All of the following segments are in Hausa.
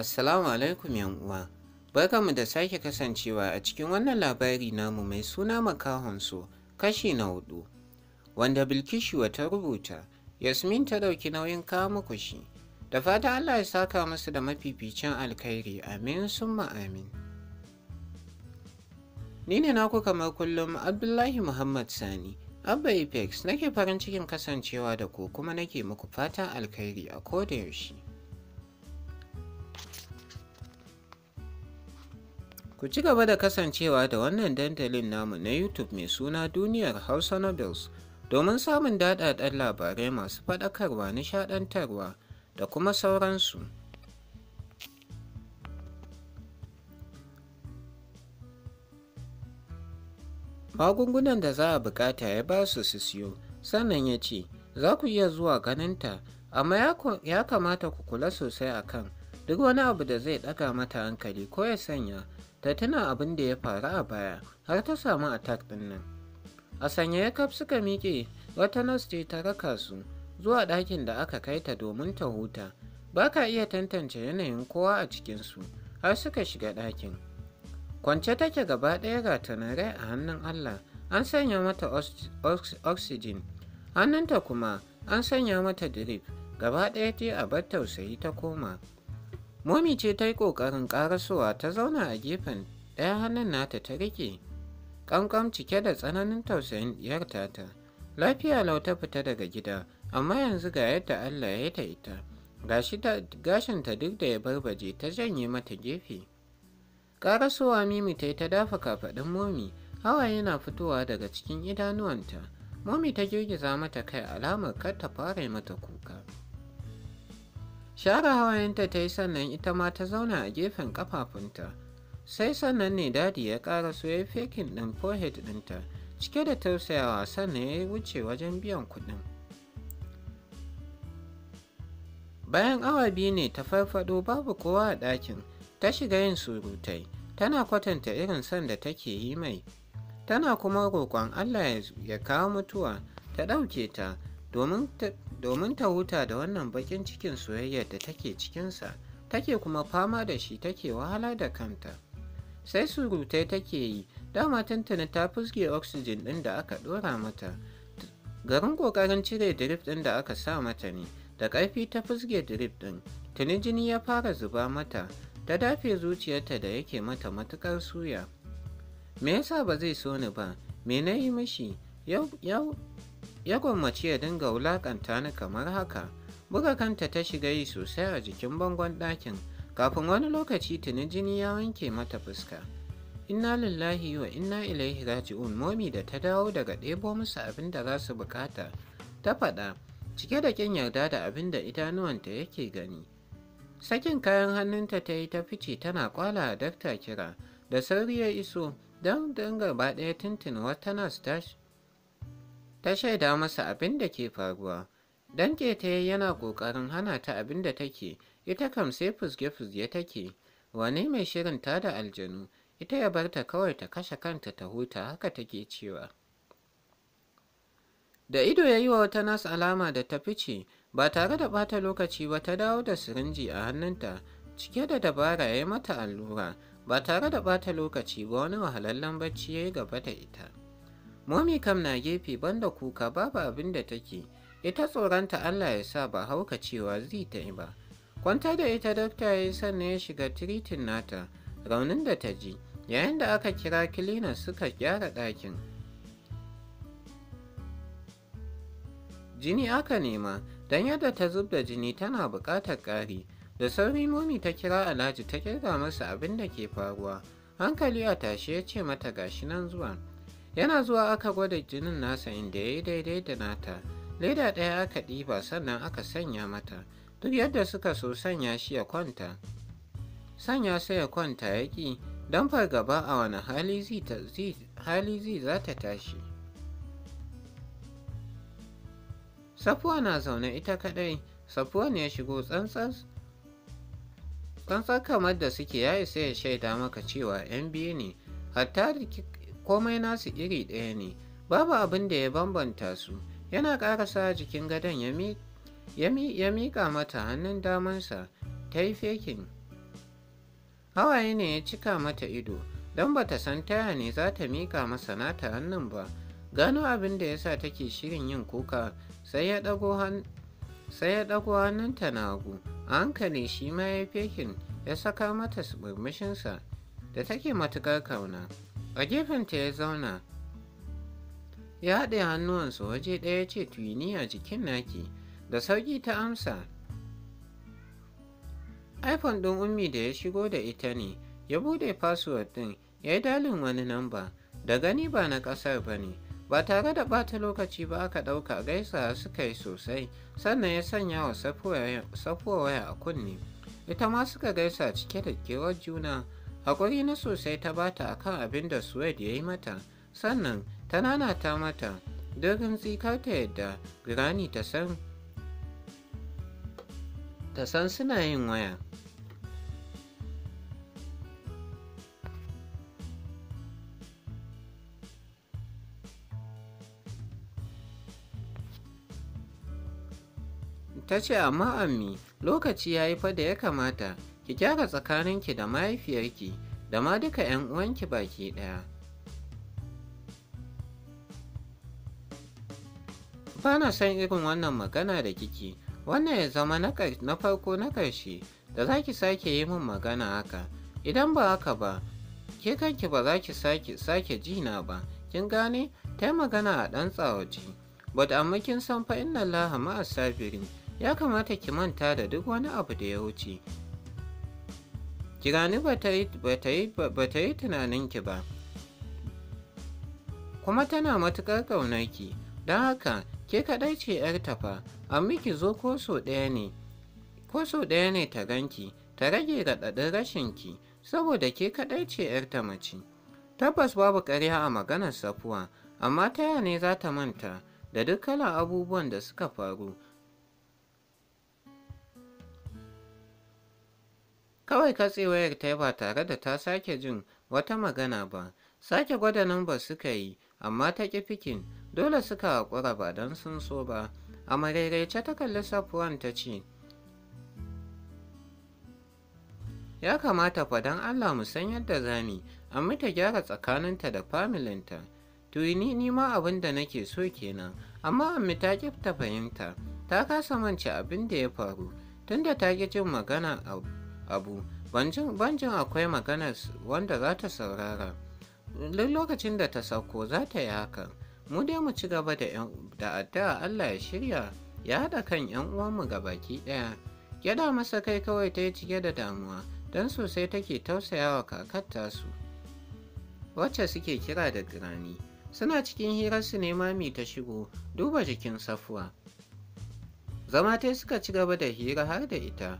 Assalamu alaikum uwa. Barkanmu da sake kasancewa a cikin wannan labari namu mai suna makahonsu kashi na hudu wanda Bilkishuwa ta rubuta Yasmin ta dauki nauyin kawo muku shi. Da fata Allah ya saka musu da mafificin alkhairi amin summa amin. Ni ne naku kamar kullum Abdullahi Muhammad Sani. Abba Apex nake farin cikin kasancewa da ku kuma nake muku fatan alkhairi a koda yaushe. Ku ci gaba da kasancewa da wannan dandalin namu na YouTube mai suna Duniyar Hausa Nobles domin samun daɗaɗɗen labarai masu faɗakarwa, nishaɗantarwa da kuma sauransu. Magungunan da za a bukata ya ba su su siyo, sannan ya ce, za ku iya zuwa ganinta, amma ya kamata ku kula sosai akan, duk wani abu da zai ɗaga mata hankali ko ya sanya ta tuna abin da ya faru a baya har ta samu attack ɗin nan a sanya ya kaf suka miƙe wata nurse ce ta raka su zuwa ɗakin da aka kai ta domin ta huta ba ka iya tantance yanayin kowa a cikinsu har suka shiga ɗakin kwance take gaba ɗaya ga tanare a hannun allah an sanya mata oxygen hannunta kuma an sanya mata drip gaba ɗaya ce a bar tausayi ta koma momi ce ta yi ƙoƙarin ƙarasowa ta zauna a gefen ɗaya hannun nata ta rike ƙamƙam cike da tsananin tausayin ɗiyar tata lafiya lau ta fita daga gida amma yanzu ga yadda allah ya ta ita gashinta duk da ya barbaje ta janye mata gefe ƙarasowa mimi ta yi ta dafa kafaɗin momi hawa yana fitowa daga cikin idanuwanta momi ta girgiza mata kai alamar kar ta fara mata kuka share hawayenta ta yi sannan ita ma ta zauna a gefen ƙafafunta, sai sannan ne dadi ya ƙara so ya fekin ɗin forehead ɗinta cike da tausayawa sannan ya yi wuce wajen biyan kuɗin bayan awa biyu ne ta farfaɗo babu kowa a ɗakin ta shiga yin surutai tana kwatanta irin son da take yi mai tana kuma roƙon allah ya kawo mutuwa ta ɗauke ta domin ta huta da wannan bakin cikin soyayyar da take cikinsa take kuma fama da shi take wahala da kanta sai surutai take yi dama tantana ta fusge oxygen ɗin da aka ɗora mata garin ƙoƙarin cire drip ɗin da aka sa mata ne da ƙarfi ta fusge drip ɗin tuni jini ya fara zuba mata ta dafe zuciyarta da yake mata matukar suya me yasa ba zai so ni ba me na yi mishi yau ya gwammaci ya dinga wulakanta ni kamar haka buga kanta ta shiga yi sosai a jikin bangon ɗakin kafin wani lokaci tuni jini ya wanke mata fuska inna lillahi wa inna ilaihi raji'un momi da ta dawo daga ɗebo musu abin da za su bukata ta faɗa cike da ƙin yarda da abin da idanuwanta yake gani sakin kayan hannunta ta yi ta fice tana kwala a dakta kira da sauri ya iso don don gaba ɗaya tuntun wata nas ta shaida masa abin da ke faruwa dan kete yana kokarin hana ta abin da take ita kam sai fusge-fusge take wane mai shirin ta da aljanu ita ya bar ta kawai ta kashe kanta ta huta haka take cewa da ido ya yi wa wata nasu alama da ta fice ba tare da bata lokaci ba ta dawo da sirinji a hannunta cike da dabara ya yi mata allura ba tare da bata lokaci ba wani wahalallen bacci ya yi gaba da ita Momi kam na gefe banda kuka babu abin da take, ita tsoronta Allah ya sa ba hauka cewa zai ta ba. Kwanta da ita dokta ya yi sannan ya shiga tiritin nata, raunin da ta ji, yayin da aka kira kilina suka gyara ɗakin. Jini aka nema, don yadda ta zub da jini tana buƙatar ƙari, da sauri momi ta kira Alhaji ta kirga masa abin da ke faruwa, hankali a tashe ya ce mata gashi nan zuwa. yana zuwa aka gwada jinin nasa inda ya yi daidai da nata leda ɗaya aka ɗiba sannan aka sanya mata duk yadda suka so sanya shi ya kwanta sanya sai ya kwanta ya ƙi don fargaba a wani hali zai za ta tashi safuwa na zaune ita kaɗai safuwa ne ya shigo tsantsan kamar da suke ya isa ya shaida maka cewa 'yan biyu ne hatta komai nasu iri ɗaya ne babu abin da ya bambanta su yana ƙarasa jikin gadon ya miƙa mata hannun damansa ta yi fekin hawaye ne ya cika mata ido don bata san taya ne za ta miƙa masa nata hannun ba gano abin da ya sa take shirin yin kuka sai ya ɗago hannunta na hagu a hankali shi ma ya fekin ya saka mata murmushinsa da take matuƙar kauna a gefen ta ya zauna ya haɗe hannuwansa waje ɗaya ya ce tuni a jikin naki da sauƙi ta amsa iphone ɗin ummi da ya shigo da ita ne ya buɗe password ɗin ya yi dalin wani namba da gani ba na ƙasar ba ne ba tare da ɓata lokaci ba aka ɗauka gaisa suka yi sosai sannan ya sanya wa safuwa waya a kunne ita ma suka gaisa cike da kewar juna haƙuri na sosai ta bata a kan abin da Suwaid ya yi mata sannan ta nanata mata don rintsi kar ta yadda Grani ta san suna yin waya ta ce amma ammi lokaci ya yi fa da ya kamata ki gyara tsakaninki da mahaifiyarki da ma duka 'yan uwanki baki ɗaya. Ba na son irin wannan magana da kiki, wannan ya zama na farko na ƙarshe da za ki sake yi min magana haka, idan ba haka ba, ke kanki ba za ki sake, sake jina ba, kin gane? Ta yi magana a ɗan tsawaci. But amma kin san fa inna laha ma'a sabirin, ya kamata ki manta da duk wani abu da ya wuce, kirani ba ta yi tunaninki ba kuma tana matuƙar ƙaunarki don haka ke kaɗai ce 'yar tafa amma ki zo ko so ɗaya ne ko so ɗaya ne ta ganki ta rage raɗaɗin rashinki saboda ke kaɗai ce 'yar ta mace tabbas babu ƙarya a maganar safuwa amma ta ne za ta manta da duk kalan abubuwan da suka faru Kawai katse wayar ta ba tare da ta sake jin wata magana ba, sake gwada ba suka yi, amma ta ƙi fikin, dole suka haƙura ba don sun so ba. A marairaice ta kalli safuwan ta ce, Ya kamata fa don Allah mu san yadda zami, an mita gyara tsakaninta da familinta. Tuni ni ma abin da nake so kenan, amma amma ta ta fahimta, ta kasa mance abin da ya faru, tunda ta ƙi jin magana abu. abu banjin akwai maganar wanda za ta saurara duk lokacin da ta sauko za ta yi hakan mu dai mu ci gaba da addu'a Allah ya shirya ya haɗa kan 'yan uwanmu ga baki ɗaya Gyada masa kai kawai ta yi cike da damuwa don sosai take tausayawa kakar tasu wacce suke kira da girani suna cikin hirarsu ne mami ta shigo duba jikin safuwa zama tai suka ci gaba da hira har da ita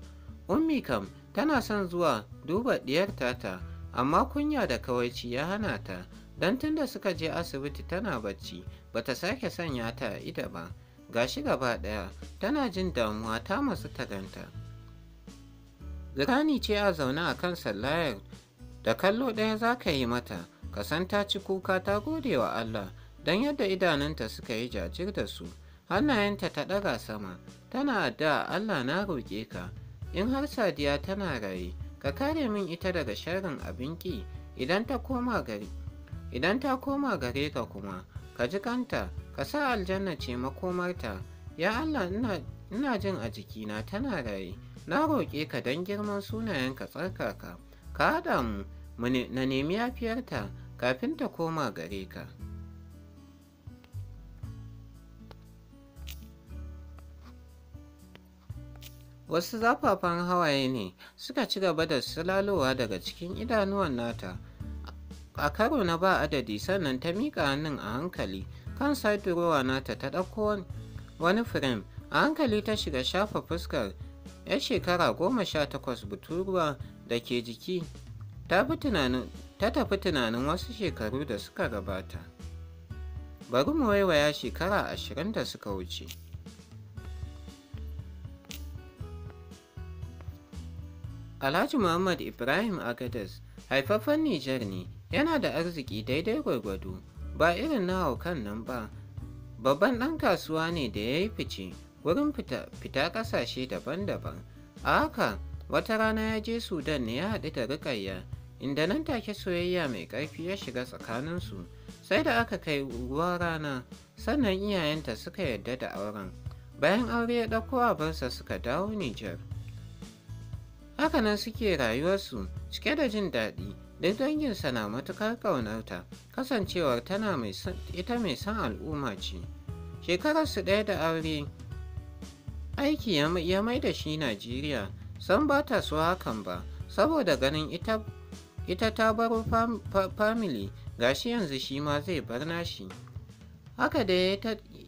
Ummi kam tana son zuwa duba ɗiyar tata amma kunya da kawaici ya hana ta don tunda suka je asibiti tana bacci ta sake sanya ta ita ba Ga shi gaba ɗaya tana jin damuwa ta masu taganta. Zirani ce a zaune a kan sallayar da kallo ɗaya za ka yi mata ka san ta ci kuka ta gode wa Allah don yadda idanunta suka yi jajir da su hannayenta ta ɗaga sama tana da, Allah na roƙe ka in har sadiya tana raye ka kare min ita daga sharrin abin ki idan ta koma gare idan ta koma gare ka kuma ka ji kanta ka sa aljanna ce makomarta ya allah ina jin a jikina tana raye na roƙe ka don girman sunayen ka tsarkaka ka haɗa mu na nemi yafiyarta kafin ta koma gare ka wasu zafafan hawaye ne suka ci gaba da sulalowa daga cikin idanuwan nata a karo na ba adadi sannan ta miƙa hannun a hankali kan sadurowa nata ta ɗauko wani firim a hankali ta shiga shafa fuskar 'yar shekara goma sha takwas buturuwa da ke jiki ta tafi tunanin wasu shekaru da suka gabata bari mu waiwaya shekara ashirin da suka wuce Alhaji Muhammad Ibrahim Agadez haifaffen Nijar ne yana da arziki daidai gwargwado ba irin na haukan nan ba babban ɗan kasuwa ne da ya yi fice wurin fita ƙasashe daban-daban a haka wata rana ya je sudan ne ya haɗu da rikayya inda nan take soyayya mai ƙarfi ya shiga tsakaninsu sai da aka kai ruwa rana sannan iyayenta suka yarda da auren bayan aure ya ɗauko abinsa suka dawo nijar Hakanan suke rayuwarsu cike da jin daɗi duk danginsa na matuƙar ƙaunarta kasancewar tana mai ita mai son al'umma ce. Shekararsu ɗaya da aure aiki ya mai da shi Najeriya san ba ta so hakan ba saboda ganin ita ta baro famili shi yanzu shi ma zai bar nashi haka da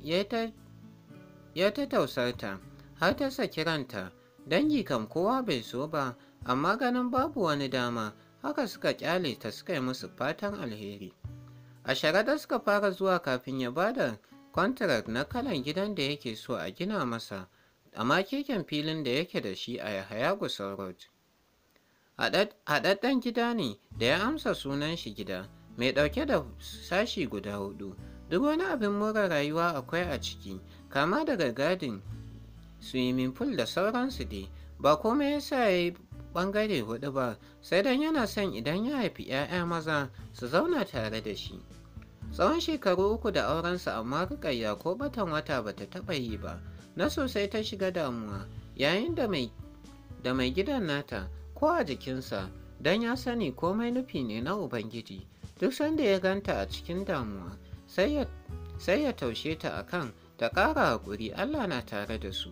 ya ta tausarta har ta saki ranta Dangi kam kowa bai so ba, amma ganin babu wani dama, haka suka kyale ta suka yi musu fatan alheri. A sharaɗa suka fara zuwa kafin ya ba da kwantarak na kalan gidan da yake so a gina masa, amma keken filin da yake da shi a Yahaya Gusau Road. Haɗaɗɗen gida ne da ya amsa sunan shi gida, mai ɗauke da sashi guda hudu. Duk wani abin mura rayuwa akwai a ciki, kama daga gadin swimming pool da sauransu dai ba komai yasa ya yi bangare hudu ba sai dan yana son idan ya haifi 'ya'ya maza su zauna tare da shi tsawon shekaru uku da aurensa amma rikayya ko batan wata bata taba yi ba na sosai ta shiga damuwa yayin da mai gidan nata ko a jikinsa dan ya sani komai nufi ne na ubangiji duk sanda ya ganta a cikin damuwa sai ya taushe ta akan ta ƙara haƙuri allah na tare da su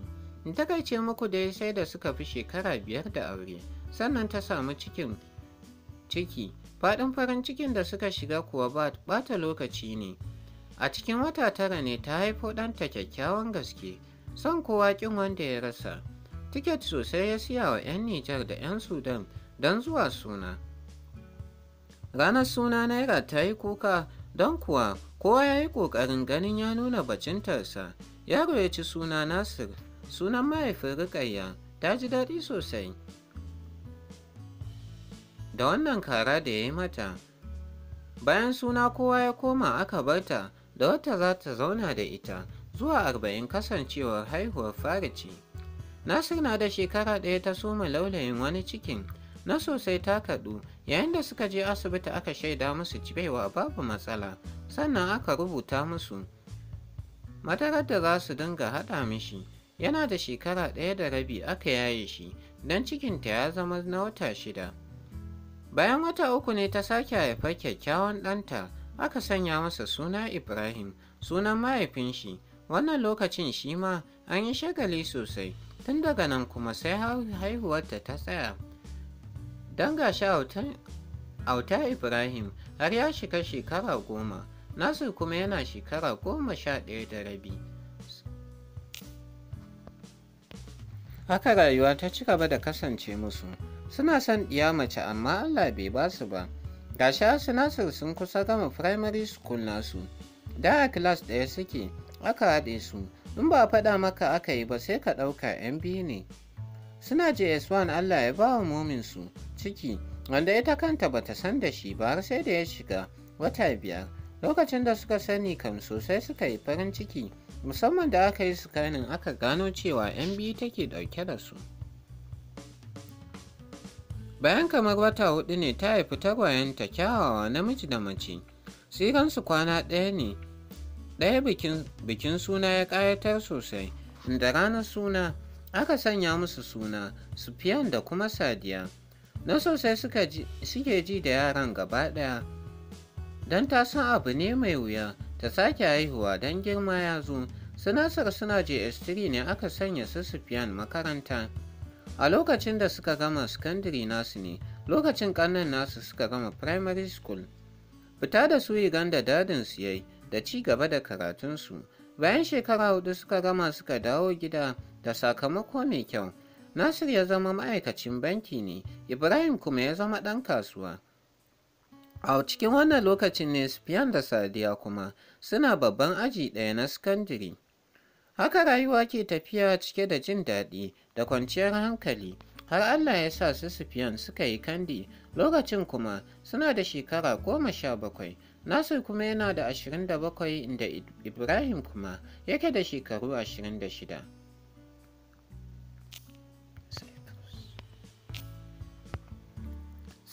takaice muku dai sai da suka fi shekara biyar da aure sannan ta samu cikin ciki faɗin farin cikin da suka shiga kuwa ba ta lokaci ne a cikin wata tara ne ta haifo ɗanta kyakkyawan gaske son kowa ƙin wanda ya rasa tiket sosai ya siya wa 'yan nijar da 'yan sudan don zuwa suna ranar suna naira ta yi kuka don kuwa kowa ya yi ƙoƙarin ganin ya nuna bacintarsa yaro ya ci suna nasir sunan mahaifin rikayya ta ji daɗi sosai da wannan kara da ya yi mata bayan suna kowa ya koma aka barta da wata za ta zauna da ita zuwa arba'in kasancewar haihuwar farici nasir na da shekara ɗaya ta soma laulayin wani cikin na sosai ta kaɗu yayin da suka je asibiti aka shaida musu cibewa babu matsala sannan aka rubuta musu madarar da za su dinga haɗa mishi yana da shekara ɗaya da rabi aka yaye shi don cikinta ya zama na wata shida bayan wata uku ne ta sake haifar kyakkyawan ɗanta aka sanya masa suna ibrahim sunan mahaifin shi wannan lokacin shi ma an yi shagali sosai tun daga nan kuma sai haihuwarta ta tsaya don gashi auta ibrahim har ya shiga shekara goma nasir kuma yana shekara goma sha ɗaya da rabi Haka rayuwa ta ci gaba da kasance musu. Suna son ɗiya mace amma Allah bai ba su ba. Gashi su Nasir sun kusa gama primary school nasu. Da a class ɗaya suke, aka haɗe su. In ba faɗa maka aka yi ba sai ka ɗauka 'yan biyu ne. Suna JS1 Allah ya ba wa momin su ciki, wanda ita kanta bata san da shi ba har sai da ya shiga wata biyar. lokacin da suka sani kan sosai suka yi farin ciki musamman da aka yi sukanin aka gano cewa yan biyu take dauke da su bayan kamar wata hudu ne ta haifi tagwayenta kyawawa namiji da mace siransu kwana ɗaya ne ɗaya bikin suna ya ƙayatar sosai inda ranar suna aka sanya musu suna sufiyan da kuma sadiya na sosai suke ji da yaran gaba ɗaya don ta san abu ne mai wuya ta sake haihuwa don girma ya zo sinasar suna js3 ne aka sanya su sufiyan makaranta a lokacin da suka gama sakandare nasu ne lokacin kannan nasu suka gama primary school fita da su uganda dadin su yayi da ci gaba da karatunsu bayan shekara hudu suka gama suka dawo gida da sakamako mai kyau nasir ya zama ma'aikacin banki ne ibrahim kuma ya zama ɗan kasuwa A cikin wannan lokacin ne spian da Sadiya kuma suna babban aji ɗaya na sakandire. Haka rayuwa ke tafiya cike da jin daɗi da kwanciyar hankali har Allah ya sa su Sufyan suka yi kandi lokacin kuma suna da shekara goma sha bakwai. nasu kuma yana da ashirin da bakwai inda Ibrahim kuma yake da shekaru ashirin da shida.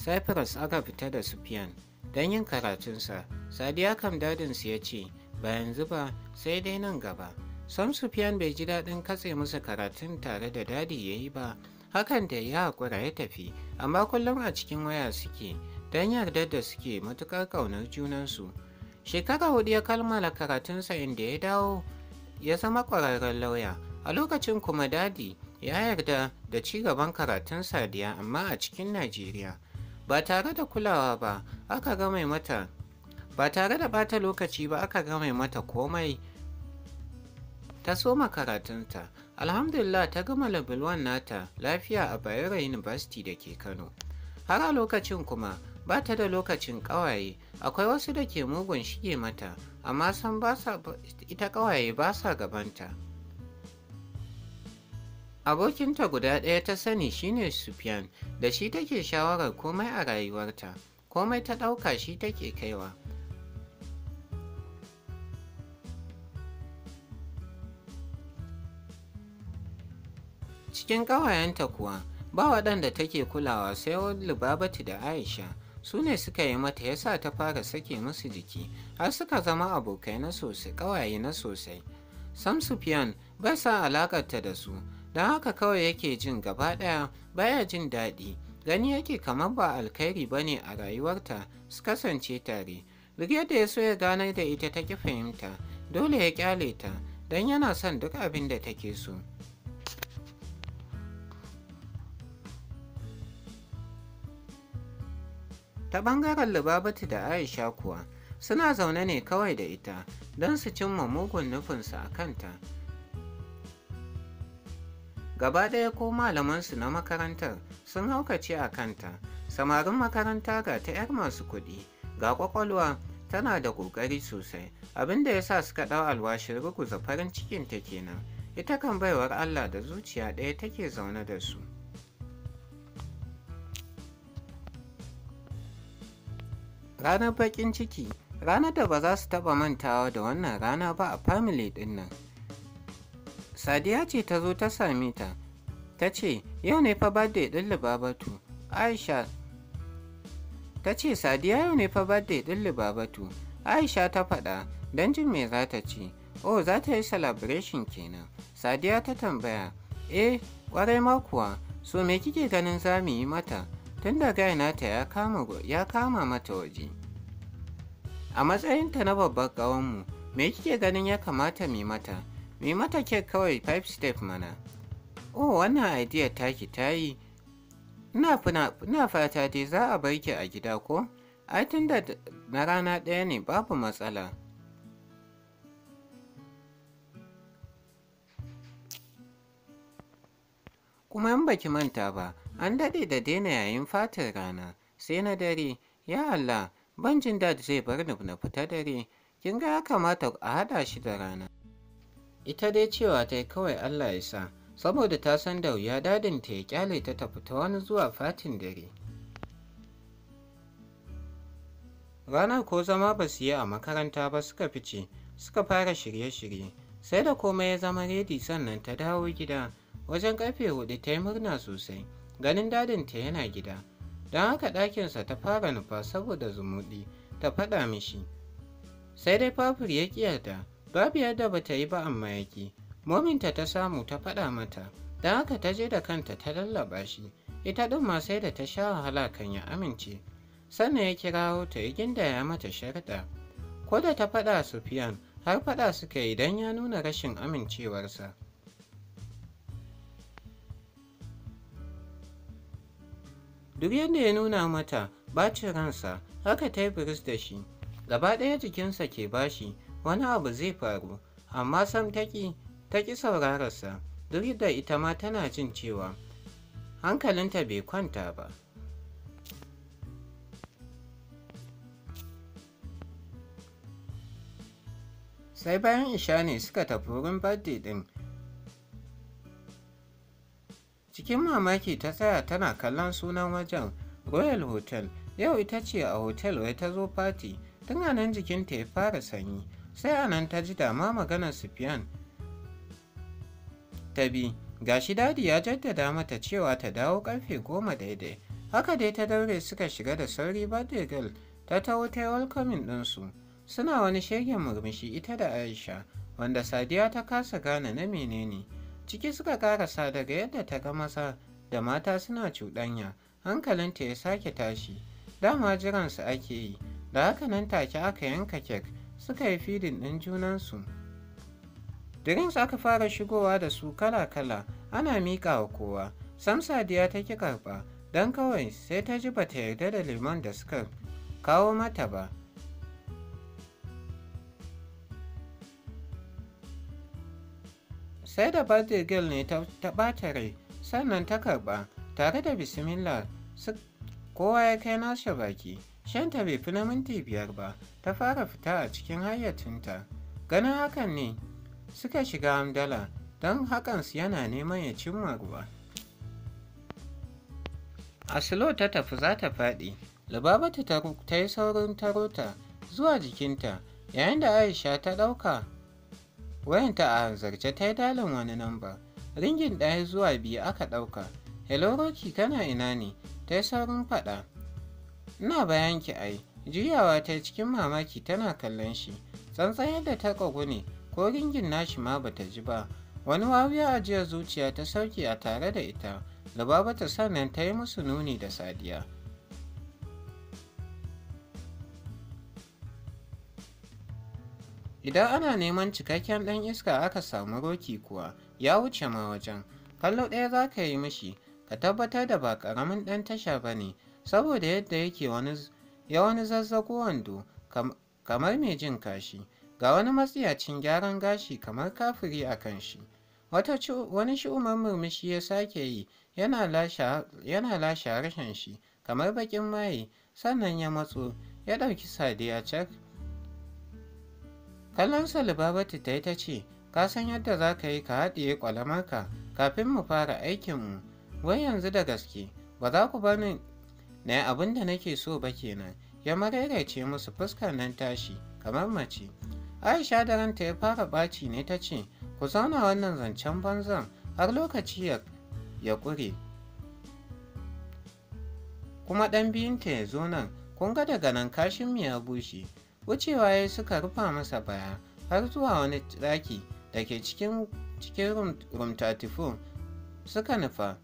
cyprus aka fita da Sufyan don yin karatunsa sadiya kam dadinsu ya ce ba yanzu ba sai dai nan gaba sam Sufyan bai ji daɗin katse musu karatun tare da dadi ya yi ba hakan da ya haƙura ya tafi amma kullum a cikin waya suke don yarda da suke matuƙar ƙaunar junansu shekara hudu ya kalmala karatunsa inda ya dawo ya zama ƙwararren lauya a lokacin kuma dadi ya yarda da ci gaban karatun sadiya amma a cikin najeriya ba tare da kulawa ba aka ga mata ba tare da bata lokaci ba aka ga mai mata komai ta soma karatunta alhamdulillah ta gama level nata lafiya a bayero university da ke kano har a lokacin kuma ba ta da lokacin ƙawaye akwai wasu da ke mugun shige mata amma san ita ƙawaye ba sa gabanta Abokinta guda ɗaya ta sani shine Sufyan, da shi take shawarar komai a rayuwarta, komai ta ɗauka shi take kaiwa. Cikin ƙawayenta kuwa, ba waɗanda take kulawa sai Lubabatu da Aisha, su ne suka yi mata yasa ta fara sake musu jiki, har suka zama abokai na sosai, ƙawaye na sosai. Sam Sufyan bai sa alaƙarta da su, don haka kawai yake jin gaba ɗaya baya jin daɗi gani yake kamar ba alkhairi ba ne a rayuwarta su kasance tare duk yadda ya so ya gane da ita ta ki fahimta dole ya kyale ta don yana son duk abin da take so ta ɓangaren libabatu da aisha kuwa suna zaune ne kawai da ita don su cimma mugun nufinsu a kanta gaba ɗaya ko malamansu na makarantar sun haukace a kanta samarin makaranta ga ta 'yar masu kuɗi ga ƙwaƙwalwa tana da ƙoƙari sosai abinda ya sa suka ɗau alwashin ruguza farin cikin ta kenan ita kan baiwar allah da zuciya ɗaya take zaune da su ranar baƙin ciki ranar da ba za su taɓa mantawa da wannan rana ba a family ɗin nan Sadiya ce ta zo ta same ta. Ta ce, yau ne fa birthday ɗin Libabatu. Aisha ta ce Sadiya yau ne fa birthday ɗin Libabatu. Aisha ta faɗa, don jin me za ta ce. Oh, za ta yi celebration kenan. Sadiya ta tambaya, eh, kwarai ma kuwa, so me kike ganin za mu yi mata? Tun da ta ya kama mata waje. A matsayinta na babbar ƙawanmu, me kike ganin ya kamata mu yi mata? Me mata ke kawai five step mana oh wannan idea taki ta yi ina fata dai za a bar ki a gida ko ai tun na rana ɗaya ne babu matsala kuma in baki manta ba an daɗe da daina yayin fatar rana sai na dare ya Allah banjin jin dad zai bar ni na fita dare kin ga ya kamata a haɗa shi da rana ita dai cewa ta yi kawai Allah ya sa saboda ta san da wuya dadin ta ya kyale ta tafi ta wani zuwa fatin dare ranar ko zama ba su yi a makaranta ba suka fice suka fara shirye-shirye sai da komai ya zama redi sannan ta dawo gida wajen karfe hudu ta yi murna sosai ganin dadin ta yana gida don haka ɗakinsa ta fara nufa saboda zumuɗi ta faɗa mishi sai dai fafur ya ƙiyarta Babu da bata yi ba amma yaki. Mominta ta samu ta faɗa mata, don haka ta je da kanta ta lallaba shi, ita ɗin ma sai da ta sha wahala kan ya amince. Sannan ya kirawo ta ya mata sharda Ko da ta faɗa Sufiyan, har faɗa suka yi don ya nuna rashin amincewarsa. Duk yadda ya nuna mata bacin ransa, haka ta yi da shi, gaba ɗaya jikinsa ke bashi, wani abu zai faru amma sam ta ki saurararsa duk da ita ma tana jin cewa hankalinta bai kwanta ba sai bayan isha ne suka tafi wurin birthday din cikin mamaki ta tsaya tana kallon sunan wajen royal hotel yau ita ce a hotel wai ta zo fati tun a jikinta ya fara sanyi sai anan ta ji dama maganar sufiyan ta bi gashi dadi ya jaddada mata cewa ta dawo karfe goma daidai haka dai ta daure suka shiga da sauri birthday girl ta taho ta yi welcoming ɗinsu suna wani shegen murmushi ita da aisha wanda sadiya ta kasa gane na menene ciki suka karasa daga yadda ta ga maza da mata suna cuɗanya hankalinta ya sake tashi dama jiransu ake yi da haka nan take aka yanka kek suka yi fidin ɗin junansu drinks aka fara shigowa da su kala-kala ana miƙa wa kowa sam sadiya ta ki karɓa don kawai sai ta ji bata yarda da lemon da suka kawo mata ba sai da birthday ne ta ɓata rai sannan ta karɓa tare da bismillah kowa ya kai nasha baki shanta bai fi na minti biyar ba ta fara fita a cikin hayyacinta ganin hakan ne suka shiga hamdala don hakan su yana neman ya cimma ruwa A asilo ta tafi za ta faɗi Lubabatu ta yi saurin tarota zuwa jikinta yayin da Aisha ta ɗauka wayanta a zarce ta yi dalin wani namba. Ringin ɗaya zuwa biyu aka ɗauka. Hello Roki kana ina ne? Ta yi saurin faɗa. Ina bayan ki ai, juyawa ta cikin mamaki tana kallon shi, tsantsan yadda ta ƙagu ne, ko ringin nashi ma bata ji ba. Wani wawiya ajiyar zuciya ta sauke a tare da ita, Lubaba sannan ta yi musu nuni da sadiya. Idan ana neman cikakken ɗan iska aka samu roki kuwa, ya wuce ma wajen. Kallo ɗaya za ka yi mishi, ka tabbatar da ba ƙaramin ɗan tasha ba ne, saboda yadda yake wani ya wani wando kamar mai jin kashi ga wani matsiyacin gyaran gashi kamar kafiri a kan shi wani shi'umar murmushi ya sake yi yana lashe harshen shi kamar bakin maye sannan ya matso ya ɗauki sadiya cak kallon salibabatu ta yi ta ce ka san yadda za ka yi ka haɗiye kwalamarka kafin mu fara aikinmu wai yanzu da gaske ba za ku bani na abin da nake so ba kenan ya mararece musu fuskar nan tashi kamar mace aisha da ranta ya fara ɓaci ne ta ce ku zauna wannan zancen banzan har lokaci ya kure. kuma ɗan biyunta ya zo nan kun ga daga nan kashin mu ya bushe wucewa ya suka rufa masa baya har zuwa wani daki da ke cikin rum 34 suka nufa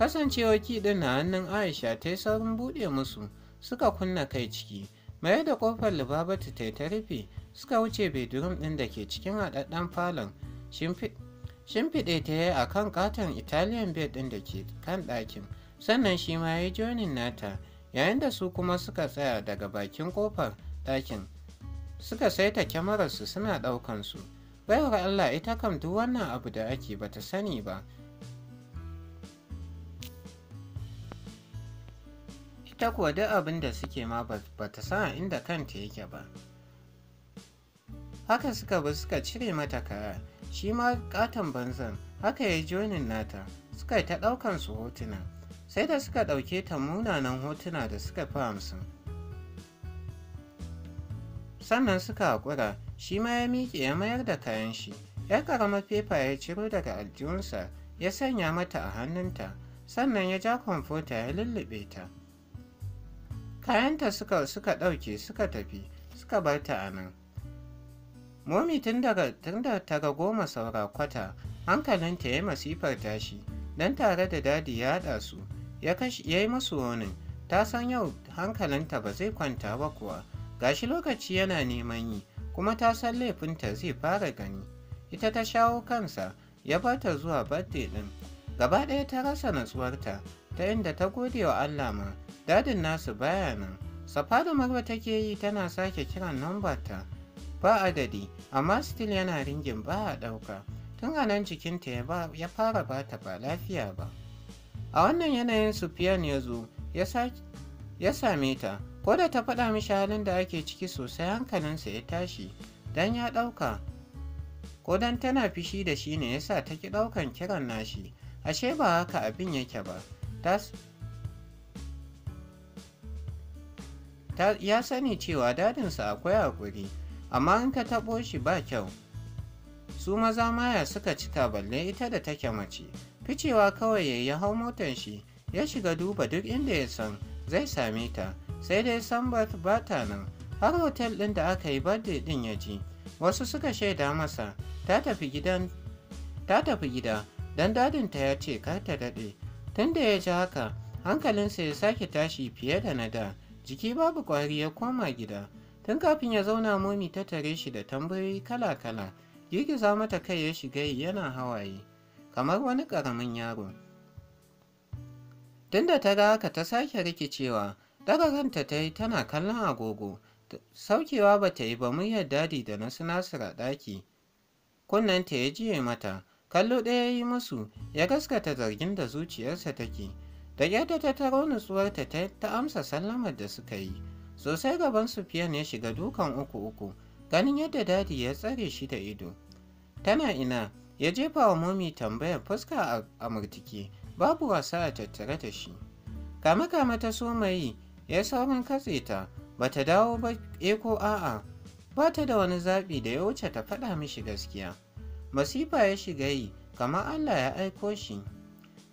kasancewa ɗin na hannun aisha ta yi saurin buɗe musu suka kunna kai ciki mai da kofar libabatu ta yi ta rufe suka wuce bedroom ɗin da ke cikin haɗaɗɗen falon shimfiɗe ta yi a kan katon italian bed ɗin da ke kan ɗakin sannan shi ma ya yi jonin nata yayin da su kuma suka tsaya daga bakin kofar ɗakin suka saita kyamararsu suna ɗaukan ɗaukansu baiwar allah ita kam duk wannan abu da ake bata sani ba Ta kuwa duk abin da suke ma ba ta sa inda kanta yake ba haka suka bi suka cire mata kaya shi ma katon banzan haka ya jonin nata suka yi ta ɗaukan su hotuna sai da suka ɗauke ta munanan hotuna da suka fi hamsin sannan suka haƙura shi ma ya miƙe ya mayar da kayan shi ya karama fefa ya ciro daga aljihunsa ya sanya mata a hannunta sannan ya ja kwamfuta ya lullube ta kayanta suka suka ɗauke suka tafi suka bar ta a nan momi tun daga tun da taga goma saura kwata hankalinta ya yi masifar tashi don tare da dadi ya haɗa su ya yi musu wani ta san yau hankalinta ba zai kwanta ba kuwa gashi lokaci yana neman yi kuma ta san laifinta zai fara gani ita ta shawo kansa ya ta zuwa birthday ɗin gaba ɗaya ta rasa natsuwarta ta inda ta gode wa Allah ma dadin nasu baya nan safa da take yi tana sake kiran nambarta ba adadi amma still yana ringin ba a ɗauka tun a nan cikinta ya fara bata ba lafiya ba a wannan yanayin sufiyan ya zo ya same ta ko da ta faɗa mishi halin da ake ciki sosai hankalinsa ya tashi don ya ɗauka ko don tana fishi da shi ne ya sa ta ki ɗaukan kiran nashi ashe ba haka abin yake ba ya sani cewa dadinsa akwai haƙuri amma in ka taɓo shi ba kyau su maza maya suka cika balle ita da take mace ficewa kawai ya yi hau motan shi ya shiga duba duk inda ya san zai same ta sai dai sambat ba ta nan har hotel ɗin da aka yi birthday ɗin ya ji wasu suka shaida masa ta tafi gida don dadinta ya ce ka ta daɗe tun da ya ji haka hankalinsa ya sake tashi fiye da na da jiki babu kwari ya koma gida tun kafin ya zauna momi ta tare shi da tambayoyi kala-kala girgiza mata kai ya shiga yana hawaye kamar wani ƙaramin yaro tunda ta ga haka ta sake rikicewa daga ranta ta yi tana kallon agogo saukewa ba ta yi ba muryar dadi da na sinasir a ɗaki kunnanta ya jiye mata kallo ɗaya ya yi musu ya gaskata zargin da zuciyarsa take da yadda ta taro nutsuwarta ta ta amsa sallamar da suka yi sosai gaban sufiyan ya shiga dukan uku uku ganin yadda dadi ya tsare shi da ido tana ina ya jefa wa momi tambayar fuska a murtike babu wasa a tattare da shi kama kama ta so yi ya saurin katse ta ba ta dawo ba eko eh a'a ba ta da wani zaɓi da ya wuce ta faɗa mishi gaskiya masifa ya shiga yi kamar allah ya aiko shi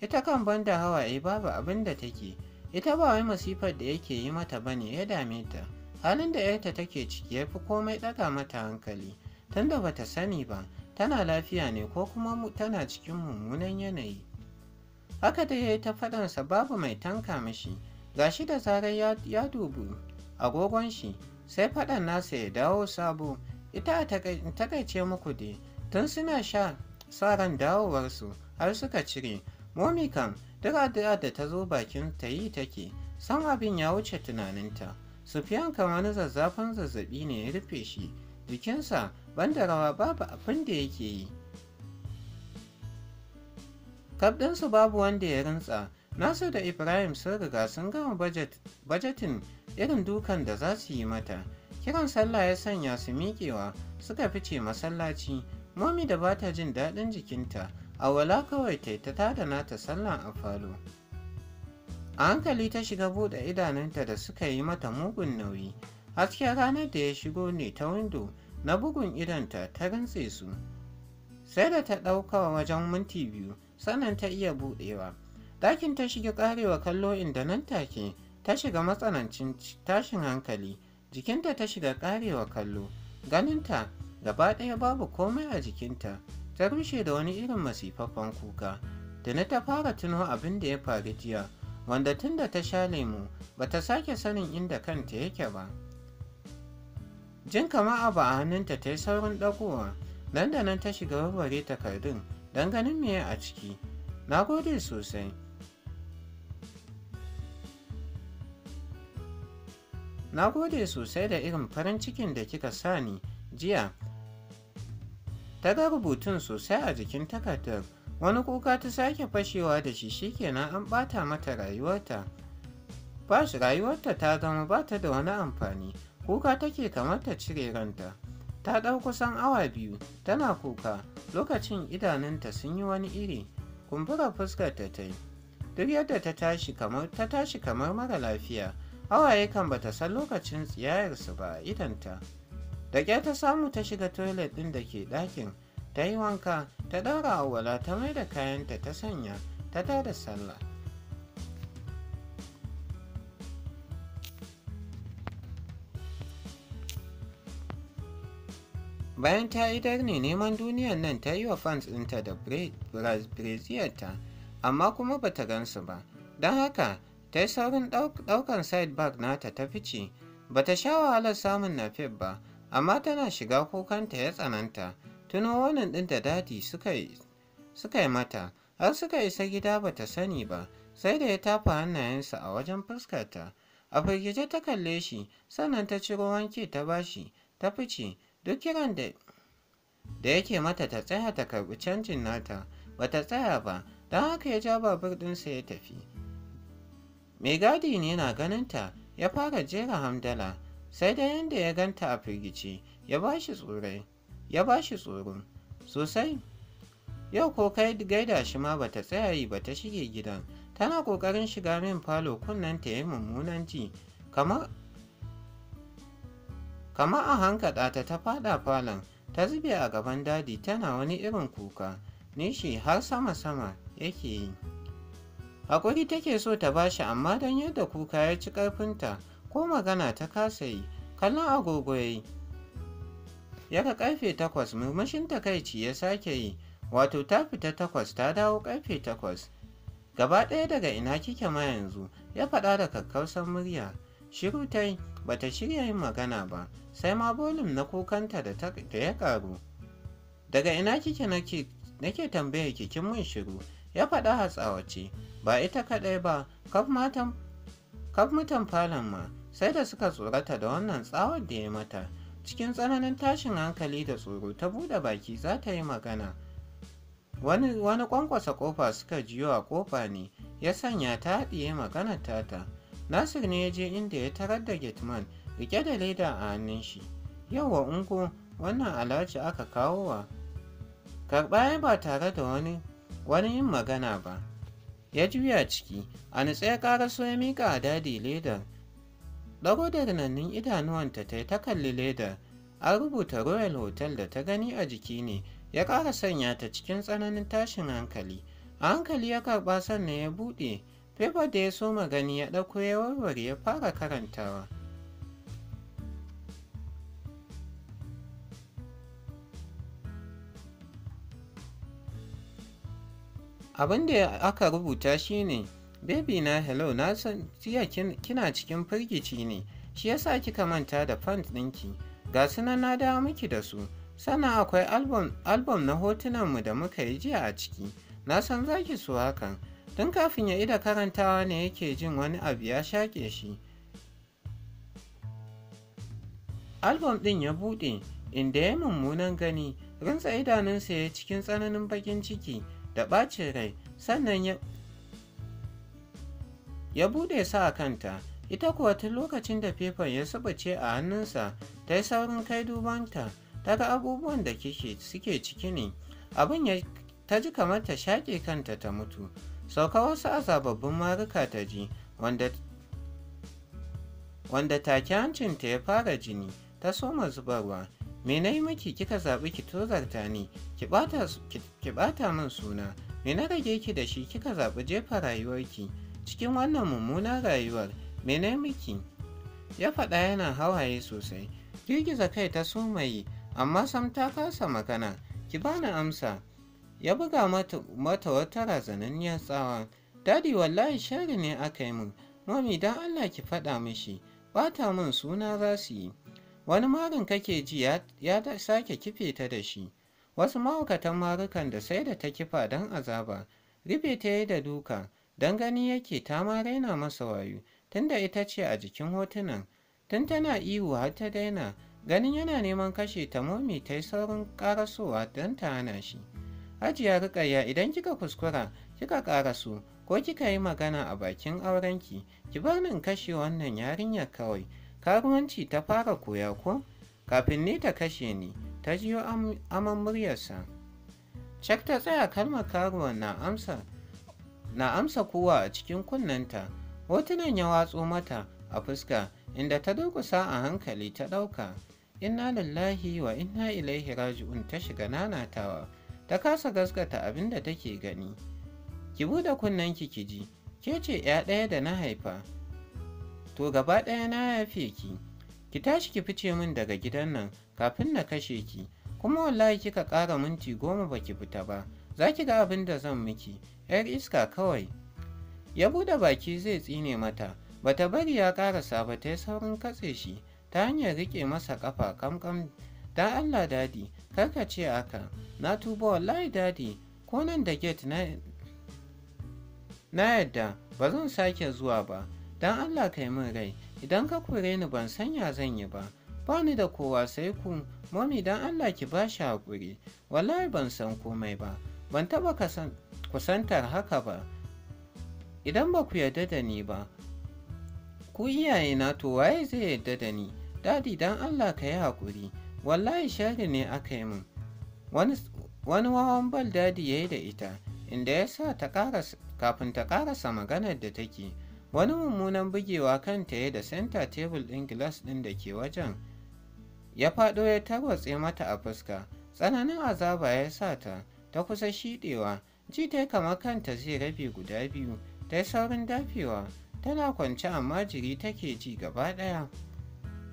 ita kan banda hawaye babu abin da take ita ba wai masifar da yake yi mata ba ne ya dame ta halin da yarta take ciki ya fi komai ɗaga mata hankali tunda bata sani ba tana lafiya ne ko kuma tana cikin mummunan yanayi haka da ya yi ta faɗansa babu mai tanka mishi gashi da zarar ya dubu agogon shi sai faɗan nasa ya dawo sabo ita a takaice muku dai tun suna sha sa ran dawowarsu har suka cire momi kan, duk addu'a da ta zo bakin ta yi take san abin ya wuce tunaninta sufiyan kan wani zazzafan zazzabi ne ya rufe shi jikinsa banda rawa babu abin da yake yi kabɗinsu babu wanda ya rintsa nasu da ibrahim sun riga sun gama bajetin irin dukan da za su yi mata kiran sallah ya sanya su miƙewa suka fice masallaci momi da ba ta jin daɗin jikinta A wala kawai ta ta tada nata sallan a falo. A hankali ta shiga buɗe idanunta da suka yi mata mugun nauyi. Hasken ranar da ya shigo ne ta windo na bugun idonta ta rantse su. Sai da ta ɗauka wajen minti biyu sannan ta iya buɗewa. Ɗakin ta shiga ƙarewa kallo inda nan take ta shiga matsanancin tashin hankali. Jikinta ta shiga ƙarewa kallo. Ganinta gaba ɗaya babu komai a jikinta ta rushe da wani irin masifaffen kuka da na ta fara tuno abin da ya faru jiya wanda tun da ta sha lemu ba ta sake sanin inda kanta yake ba jin kama abu a hannunta ta yi saurin ɗagowa nan da nan ta shiga warware takardun don ganin meye a ciki na gode sosai na gode sosai da irin farin cikin da kika sani jiya ta ga rubutun sosai a jikin takardar wani kuka ta sake fashewa da shi shi shikenan an bata mata rayuwarta shi rayuwarta ta zama ba ta da wani amfani kuka take kamar ta cire ranta ta ɗau kusan awa biyu tana kuka lokacin idanunta sun yi wani iri kumbura fuskar ta ta yi duk yadda ta tashi kamar ta tashi kamar mara lafiya hawaye kan bata san lokacin tsiyayarsu ba idanta da ke ta samu ta shiga toilet din da ke dakin ta yi wanka ta ɗaura awala ta mai da kayanta ta sanya ta da sallah bayan ta idar ne neman duniyan nan ta yi wa fans ɗinta da ta amma kuma ba ta gansu ba don haka ta yi saurin ɗaukan side bag nata ta fice ba ta sha wahalar samun napep ba amma tana shiga kukanta ya tsananta tuno wannan ɗin da dadi suka yi mata har suka isa gida ba ta sani ba sai da ya tafa hannayensa a wajen fuskarta a firgice ta kalle shi sannan ta ciro wanke ta bashi ta fice duk kiran da da yake mata ta tsaya ta karɓi canjin nata ba ta tsaya ba don haka ya ja babur ɗinsa ya tafi mai gadi ne na ganinta ya fara jera hamdala sai dai yadda ya ganta a firgici, ya ba shi tsorai ya ba shi tsoro sosai yau ko kai gaida shi ma bata tsaya yi ta shige gidan tana kokarin shiga min falo kunnan ta yi mummunan ji kama a hankaɗa ta ta faɗa falon ta zube a gaban dadi tana wani irin kuka nishi har sama-sama yake yi hakuri take so ta bashi amma don yadda kuka ya ci karfinta ko magana ta kasa yi kallon agogo ya yi ga takwas murmushin takaici ya sake yi wato ta fita takwas ta dawo karfe takwas gaba ɗaya daga ina kike ma yanzu ya faɗa da kakkausar murya shiru ta yi ba ta shirya yin magana ba sai ma bolin na kukanta da ya ƙaru daga ina kike nake tambayar kikin mun shiru ya faɗa hatsawace ba ita kaɗai ba kaf mutan falon ma sai da suka tsorata da wannan tsawon da ya mata cikin tsananin tashin hankali da tsoro ta bude baki za ta yi magana wani, kwankwasa kofa suka jiyo a kofa ne ya sanya ta haɗiye magana tata nasir ne ya je inda ya tarar da gitman rike da leda a hannun shi Yau wa ungo wannan alhaji aka kawo wa karɓa ya ba tare da wani wani yin magana ba ya juya ciki a nutse ya ƙaraso ya miƙa a dadi ledar Ɗago da rinannin idanuwanta ta yi ta kalli leda. an rubuta Royal Hotel da ta gani a jiki ne ya ƙara sanya ta cikin tsananin tashin hankali. A hankali ya karɓa sannan ya buɗe, fefa da ya soma gani ya ɗauko ya warware ya fara karantawa. Abinda da aka rubuta shine Baby na hello na san jiya kina cikin firgici ne, shi yasa kika manta da fans ɗinki, ga sunan na dawo miki da su, sannan akwai album na hotunan mu da muka yi jiya a ciki, na san za ki so hakan, tun kafin ya ida karantawa ne yake jin wani abu ya shaƙe shi. Album ɗin ya buɗe, inda ya mummunan gani, rinsa idanunsa ya cikin tsananin bakin ciki da ɓacin rai, sannan ya buɗe sa a kanta ita kuwa tun lokacin da fefan ya subuce a hannunsa ta yi saurin kai dubanta ta ga abubuwan da kike suke ciki ne abin ya ta ji kamar ta shaƙe kanta ta mutu sauka wasu a zababbin maruka ta ji wanda wanda take hancinta ya fara jini ta soma zubarwa me na yi miki kika zaɓi ki tozarta ni ki ɓata min suna me na rage ki da shi kika zaɓi jefa rayuwarki cikin wannan mummunan rayuwar mene miki ya faɗa yana hawaye sosai girgiza kai ta mai amma sam ta kasa magana ki bani amsa ya buga mata wata razananniyar tsawa dadi wallahi shari ne aka yi min mami don allah ki faɗa mishi bata mun, suna za su yi wani marin kake ji ya sake kife ta da shi wasu mahaukatan marukan da sai da ta kifa don azaba rufe ta yi da duka don gani yake ta ma raina masa wayu, tunda ita ce a jikin hotunan tun tana ihu har ta daina ganin yana neman kashe ta momi ta yi saurin karasowa don ta hana shi hajiya rikaya idan kika kuskura kika karaso ko kika yi magana a bakin aurenki ki bar nin kashe wannan yarinyar kawai karuwanci ta fara koya ko kafin ne ta kashe ni ta jiyo aman muryarsa cak ta tsaya kalmar karuwan na amsa na amsa kowa a cikin kunnenta hotunan ya watso mata a fuska inda ta durkusa a hankali ta ɗauka inna lillahi wa inna ilaihi raji'un ta shiga nanatawa ta kasa gaskata abin da take gani ki buɗe kunnen ki ji ke ce ya ɗaya da na haifa to gaba ɗaya na yafe ki ki tashi ki fice min daga gidan nan kafin na kashe ki kuma wallahi kika ƙara minti goma baki fita ba za ki ga abin da zan miki ‘yar iska kawai ya bude baki zai tsine mata bata bari ya karasa ba ta yi saurin katse shi ta hanyar riƙe masa ƙafa kamkam dan allah dadi karka ce aka. na tuba wallahi dadi ko nan da get na yadda ba zan sake zuwa ba Don allah kai min rai idan ka kure ni ban sanya zan yi ba ba ni da kowa sai ku mami don allah ki ba shi haƙuri wallahi ban san komai ba ban taɓa kusantar haka ba idan ba ku yarda da ni ba ku iyaye na to waye zai yarda da ni dadi dan allah ka yi haƙuri wallahi shari ne aka yi min wani wawan bal dadi ya yi da ita inda ya sa kafin ta ƙarasa maganar da take wani mummunan bugewa kanta ya da senta tebul ɗin gilas ɗin da ke wajen ya faɗo ya tarwatse mata a fuska tsananin azaba ya sa ta ta kusa shiɗewa ji ta kamar kanta zai rabe guda biyu ta saurin dafewa tana kwance amma jiri take ji gaba ɗaya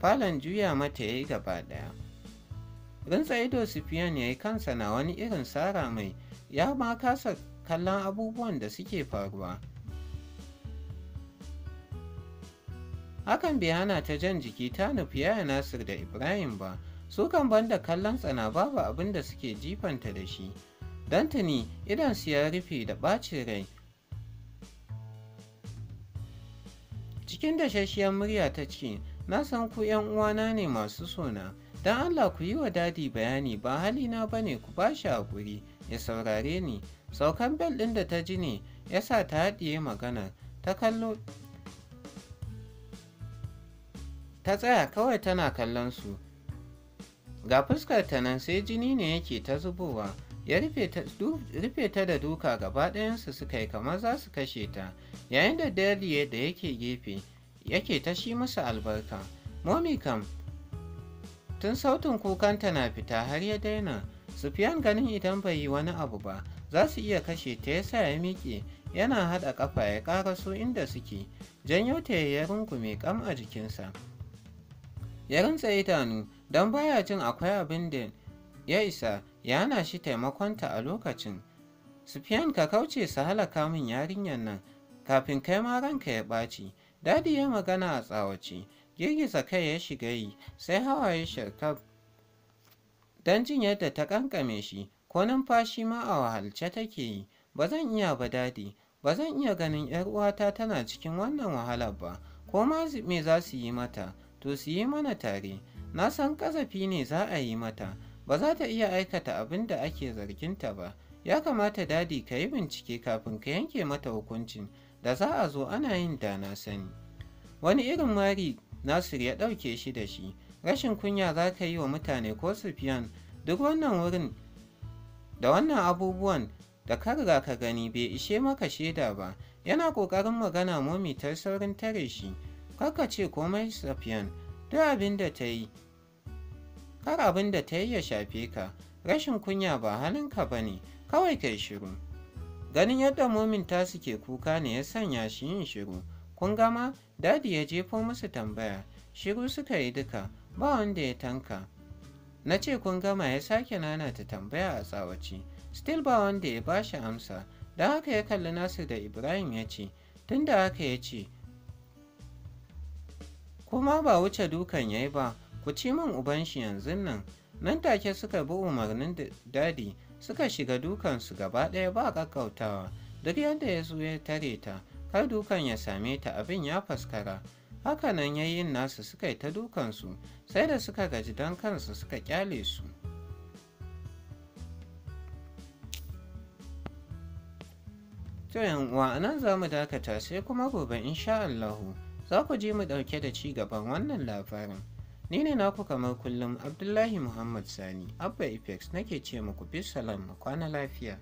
falon juya mata ya yi gaba daya rinsa ido sufiyan ya yi kansa na wani irin tsara mai ya ma kasa kallon abubuwan da suke faruwa hakan bai hana ta jan jiki ta nufi yaya nasir da ibrahim ba su kan banda kallon tsana babu abin da suke jifanta da shi Dantani idansu ya rufe da ɓacin rai. Cikin dashashiyar murya ta ce, Na san ku ‘yan uwana ne masu sona, don Allah ku yi wa dadi bayani ba halina ba ne ku ba shi haƙuri ya saurare ni. Saukan bel ɗin da ta ji ne ya sa ta haɗiye maganar, ta kallo ta tsaya kawai tana kallon su. Ga fuskar ta nan sai jini ne yake ta zubowa. ya rufe ta da duka gaba ɗayansu suka yi kamar za su kashe ta yayin da dariye da yake gefe yake ta shi musu albarka momi kam tun sautin kukanta na fita har ya daina fiyan ganin idan bai yi wani abu ba za su iya kashe ta Ya sa ya miƙe yana haɗa ƙafa ya ƙaraso inda suke janyo ta ya mai kam a jikinsa ya rantsa idanu don baya jin akwai abin da ya isa ya na shi taimakonta a lokacin sufiyan ka kauce su halaka min yarinyar nan kafin kai ma ranka ya ɓaci dadi ya magana a tsawace girgiza kai ya shiga yi sai hawaye sharkaf don jin yadda ta kankame shi ko numfashi ma a wahalce take yi ba zan iya ba dadi ba zan iya ganin yar uwata tana cikin wannan wahalar ba ko ma me za su yi mata to su yi mana tare na san ƙazafi ne za a yi mata ba za ta iya aikata abin da ake zarginta ba ya kamata dadi ka yi bincike kafin ka yanke mata hukuncin da za a zo ana yin da na sani wani irin mari nasir ya ɗauke shi da shi rashin kunya za ka yi wa mutane ko sufiyan duk wannan wurin da wannan abubuwan da ka riga ka gani bai ishe maka shaida ba yana ƙoƙarin magana momi ta saurin tare shi kaka ce komai sufiyan duk abin da ta yi kar abin da ta yi ya shafe ka rashin kunya ba halinka ba ne kawai kai shiru ganin yadda momin ta suke kuka ne ya sanya shi yin shiru kun gama dadi ya jefo musu tambaya shiru suka yi duka ba wanda ya tanka na ce kun gama ya sake nana ta tambaya a tsawaci still ba wanda ya ba shi amsa don haka ya kalli nasu da ibrahim ya ce tun da haka ya ce kuma ba wuce dukan ya yi ba ku ci min uban shi yanzu nan nan take suka bi umarnin dadi suka shiga dukansu gaba ɗaya ba kakkautawa duk yadda ya zo ya tare ta kar dukan ya same ta abin ya faskara Haka nan ya yi nasu suka yi ta dukansu sai da suka gaji don kansu suka kyale su to uwa a nan za mu dakata sai kuma gobe insha Allahu za ku je mu ɗauke da ci gaban wannan labarin Ni ne naku kamar kullum Abdullahi Muhammad Sani, Abba Apex nake ce muku bisalan salam kwana lafiya.